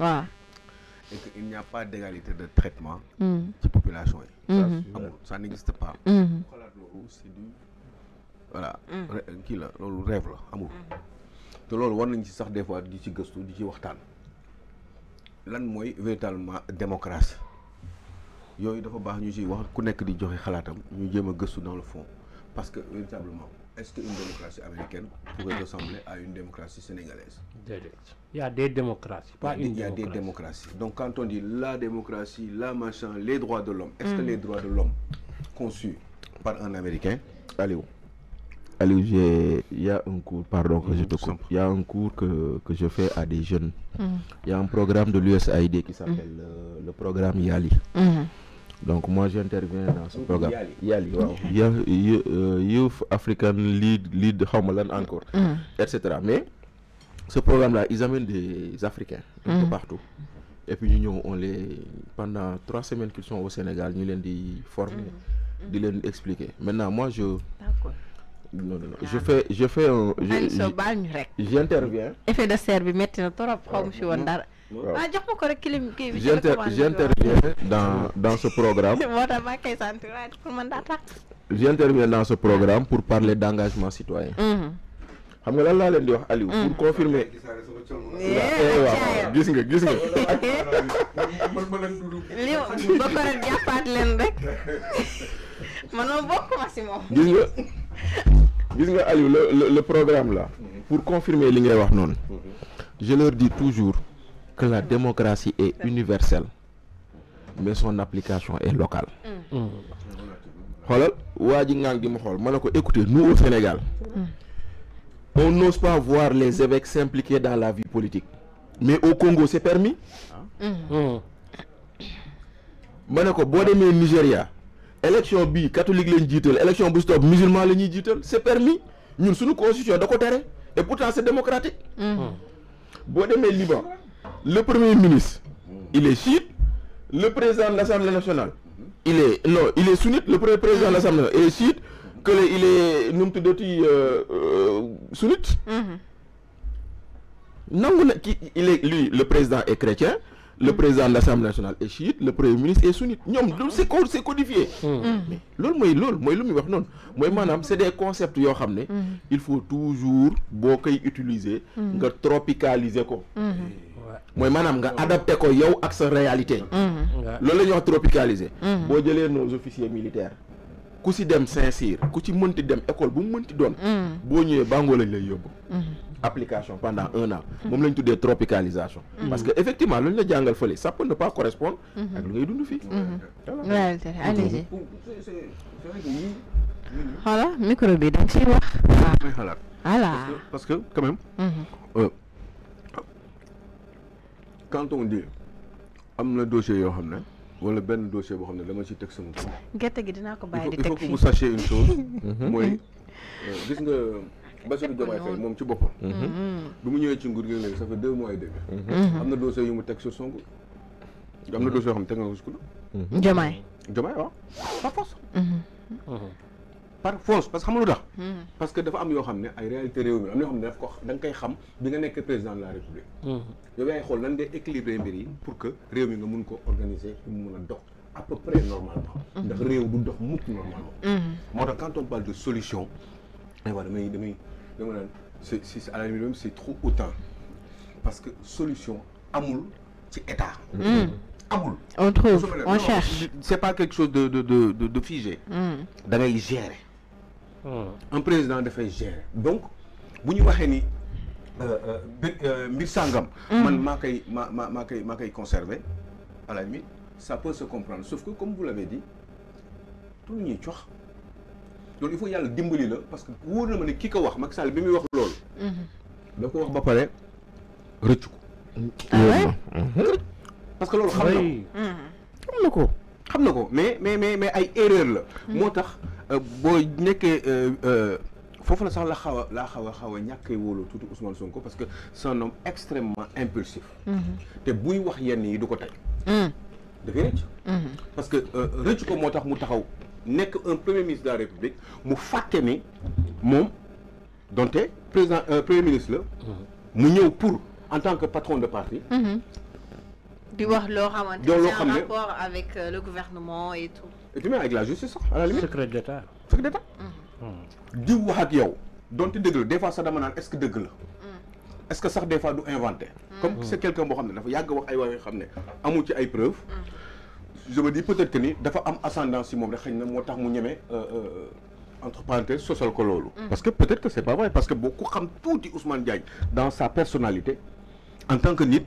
waaw. et qu'il n'y a pas d'égalité de traitement. ci mm. population yi. Mm-hmm. amul ça n'existe pas. Mm-hmm. voilà mm. loolu c'est du voilà. la rêve la amul. Mm-hmm. te loolu war ci sax des fois di ci gëstu di ci waxtaan. lan moy véritablement démocratie yooyu dafa bax ñu ci wax ku nekk di joxe xalaatam ñu jëma a dans le fond parce que véritablement est-ce qu'une démocratie américaine pourrait ressembler à une démocratie sénégalaise Il y a des démocraties, pas une Il y a des démocraties. Donc quand on dit la démocratie, la machin, les droits de l'homme, est-ce que hmm. les droits de l'homme conçus par un Américain Allez où Allez, il y a un cours, pardon que je hmm, te coupe, il y a un cours que, je fais à des jeunes. Hmm. Il y a un programme de l'USAID qui s'appelle euh, le, programme YALI. Donc moi j'interviens dans ce programme. Yali, wow. Euh, Youth African Lead, Lead Homeland encore, mm. etc. Mais ce programme-là, ils amènent des Africains un peu mm. partout. Et puis nous, on les, pendant trois semaines qu'ils sont au Sénégal, nous les formons, mm. nous les expliquer. Maintenant, moi je... D'accord. non non ah, je fais je fais un. j'interviens. effet de trop ah, j'interviens dans ce programme. j'interviens dans ce programme pour parler d'engagement citoyen. Mm-hmm. Mm. pour confirmer. le programme là. Mm-hmm. pour confirmer mm-hmm. je leur dis toujours que la démocratie est universelle mais son application est locale. Mm. Mm. xoolal écoutez nous au Sénégal mm. on n'ose pas voir les évêques s'impliquer dans la vie politique mais au Congo c'est permis monaco ne ko boo Nigéria élection bi, catholique le jiital élection bu musulman le c'est permis nous sommes constitution d'un côté et pourtant c'est démocratique boo mais Liban le premier ministre, il est chiite, le président de l'Assemblée nationale, il est non, il est sunnite, le premier président de l'Assemblée nationale, est chiite, que il est num euh, euh, sunnite. il est lui le président est chrétien le président de l'Assemblée nationale est chiite le premier ministre est sunnite c'est codifié mais c'est des concepts yoo il faut toujours utiliser nga tropicaliser ko moy manam nga adapter ko yow ak sa réalité. Mm-hmm. lolou la ñuy wax tropicaliser mm-hmm. bo jëlé nos officiers militaires. ku ci dem Saint-Cyr ku ci mënti dem école bu mu mënti doon. Mm-hmm. bo ñëwé Bango lañ lay yobbu application pendant un an. mom lañ tuddé tropicalisation. parce que effectivement luñ la jàngal fële ça peut ne pas correspondre. ak lu ngay dund fi voilà allez-y. Oh, voilà micro bi da nga ciy wax. Ah, voilà parce que quand même. Euh, quand on dit am na dossier yoo xam ne wala benn dossier boo xam ne dama ci teg sama tur. gerte gi dinaa ko bàyyi di teg fii il faut mhm. Mhm. Euh, gis nga Bassirou Diomaye Faye moom ci boppam. Mhm. bu mu ñëwee ci nguur gi léegi ça fait deux mois et am na dossier yu mu teg sur Sonko. am na dossier yoo xam ne teg na ko si kuréel. Diomaye. Diomaye par force parce que xam hmm. parce que dafa am yo xamné ay réalité réew mi am na daf ko da xam bi nga nek président de la république. Hmm. yow yaay xol nan ngay équilibrer mbir yi pour que réew mi nga mën ko organiser mu mun dox à peu près normalement. Hmm. ndax réew du dox mukk normalement. moo quand on parle de solution. voilà mais damay dama nan c'est c'est à la même c'est trop autant parce que solution amul ci état. amul. on trouve on cherche. c'est pas quelque chose de de de de figé. da ngay gérer. Hmm. un président de dafay gérer donc bu ñu waxee ni euh, euh, euh, mbir sàngam. Hmm. man maa ma ma maa koy conserver à la limite ça peut se comprendre sauf que comme vous l'avez dit tout ñuy cox loolu il faut yàlla dimbali la parce que wóor na ma ne ki ko wax Macky Sall bi muy wax loolu. Hmm. da ko wax ba pare rëccu ko. Ah parce que loolu xam na ko. xam na ko mais mais mais mais ay erreur la. moo tax. Euh, boo nekkee euh, euh, foofu la sax la xaw a laa xaw a xaw tout ñàkkee wóolu tuuti Ousmane Sonko parce que c'est un homme extrêmement impulsif mm-hmm. te buy wax yenn yi du ko tey mm. dafay rëcc mm-hmm. parce que rëcc ko moo tax mu taxaw nekk un premier ministre de la République mu fàtte ni moom donte président premier ministre la mm-hmm. mu ñëw pour en tant que patron de parti di wax leur xamante ne rapport avec euh, le gouvernement et tout. et tu mets avec la justice à la limite. secret d'état secret d'état mhm. hmm. di wax ak yow. donte dëgg la fois ça demande est-ce que dëgg hmm. est-ce que ça des fois du inventé. Hmm. comme c'est quelqu'un boo xam ne dafa y wax ay waay ne ci ay preuves. je me dis peut-être que ni dafa am ascendance si moom rek xëy na mu euh, euh, entre parenthèses social ko parce que peut-être que c'est pas vrai parce que beaucoup comme tout dit Ousmane Diagne dans sa personnalité en tant que nid,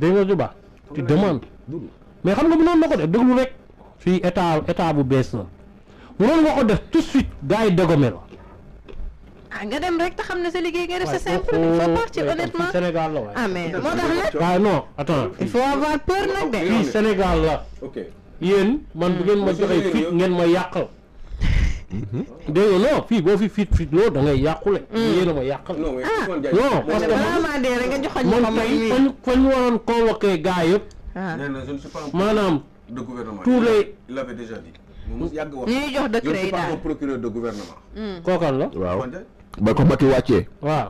dégg nga juba tu demandes mais xam nga bu noonu na ko def déglu rek fii état état bu bees la mënoon nga ko def tout de suite gars yi dégomé la ah nga dem rek te xam ne sa liggéey nga def c'est simple oh, il faut oh, partir honnêtement Sénégal la waay ah mais moo tax nag fii Sénégal la yéen man bu ngeen ma joxee fit ngeen ma yàqal Mm-hmm. dégg nga non fii boo fi fit fit loo da yàqule. Mm. yéen a ma yàqal. non ah, parce que moom moom fa ñu waroon convoqué gars yëpp. Ah. maanaam. de gouvernement tous les. il avait déjà dit. mu yàgg wax ñuy jox décret yi daal procureur de gouvernement. Mm. kookan la waaw. ba ko Macky wàccee. waaw.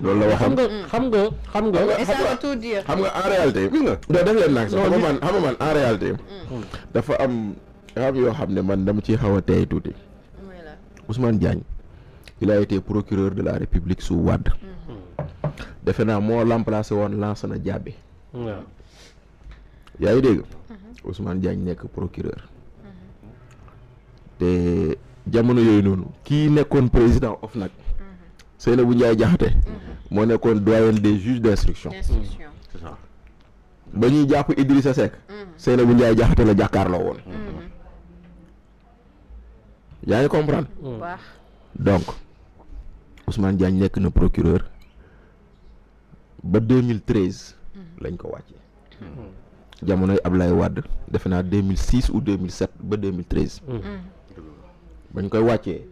loolu la waxam xam nga xam nga. xam nga en réalité. gis nga non def leen nag sax xam nga xam nga man en réalité. Mm. dafa am yoo xam ne man dama ciy xaw a tey tuuti. Ousmane Diagne il a été procureur de la République sous Wade mm-hmm. defe naa moo remplacé woon Lansana Diaby waaw yaa ngi dégg mm-hmm. Ousmane Diagne nekk procureur mm-hmm. te jamono yooyu noonu kii nekkoon président OFNAC Seynabou Ndiaye Diakhaté moo nekkoon doyen des juges d'instruction C'est ba ñuy jàpp Idrissa Seck Seynabou Ndiaye Diakhaté la jàkkaarloo woon yaa ngi comprendre. Mm. donc Ousmane Diagne nekk na procureur ba 2013. Mm-hmm. lañ ko wàccee. Mm. jamonoy ab Ablaye Wade defe naa 2006 ou 2007 ba 2013. Mm. bañ koy wàccee.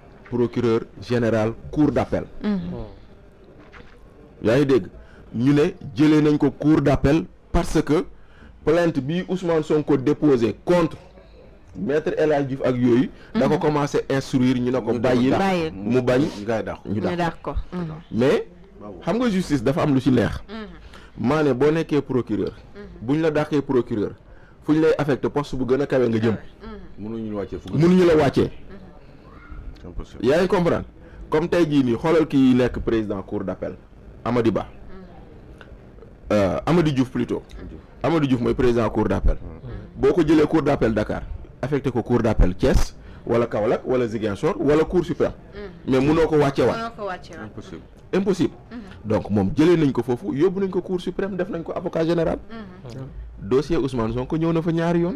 procureur général cour d'appel mm-hmm. yaa ngi dég. ñu né jëlé nañ ko cour d'appel parce que plainte bi Ousmane Sonko déposé contre maître El Hadj Diouf ak yooyu da ko mm-hmm. commencé instruire ñu ne ko bàyyil mu bañ ñu ko mm-hmm. mais xam nga justice dafa am lu ci neex maa ne boo procureur buñ la dakhé procureur fuñ lay affecté poste bu gëna a nga jëm ñu la impossible yaa un comprendre comme tey ni nii xoolal kii nekk président cour d'appel Amady Ba. Mm. Euh, Amadou Diouf plutôt. Amadou Diouf moy président cour d'appel. Mm. Boko ko cour d'appel Dakar affecté ko cour d'appel Thiès wala Kaolack wala Ziguinchor wala cour suprême. Mm. mais munoo ko impossible impossible. Mm-hmm. donc mom jëlee nañ ko fofu, yóbbu nañ ko cour suprême def nañ ko avocat général. Mm-hmm. dossier Ousmane Sonko ñëw na fa ñaar yoon.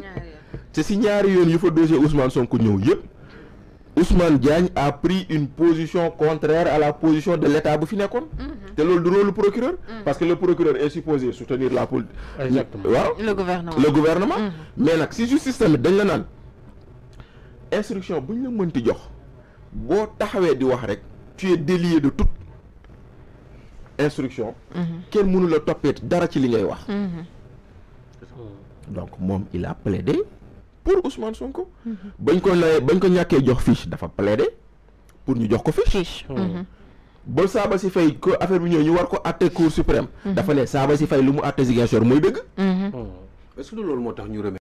te si ñaar yoon yu fa dossier Ousmane Sonko ñëw Ousmane Diagne a pris une position contraire à la position de l'État bu de mhm. le rôle du procureur. Mhm. parce que le procureur est supposé soutenir la politique. exactement le gouvernement le gouvernement. Mhm. mais nag si justice système dañ la instruction bu la mënti jox tu es délié de toute instruction. Quel mënu le toppee dara ci donc il a plaidé. pour Ousmane Sonko. bañ ko layee bañ ko ñàkkee jox fiche dafa plaider pour ñu jox ko fiche. ba saaba si fay ko affaire bi ñëw ñu war ko àtte cour suprême. Mhm. dafa ne saba si fay lu mu àtte Ziguinchor mooy dëgg. Mhm. Oh. est-ce que ñu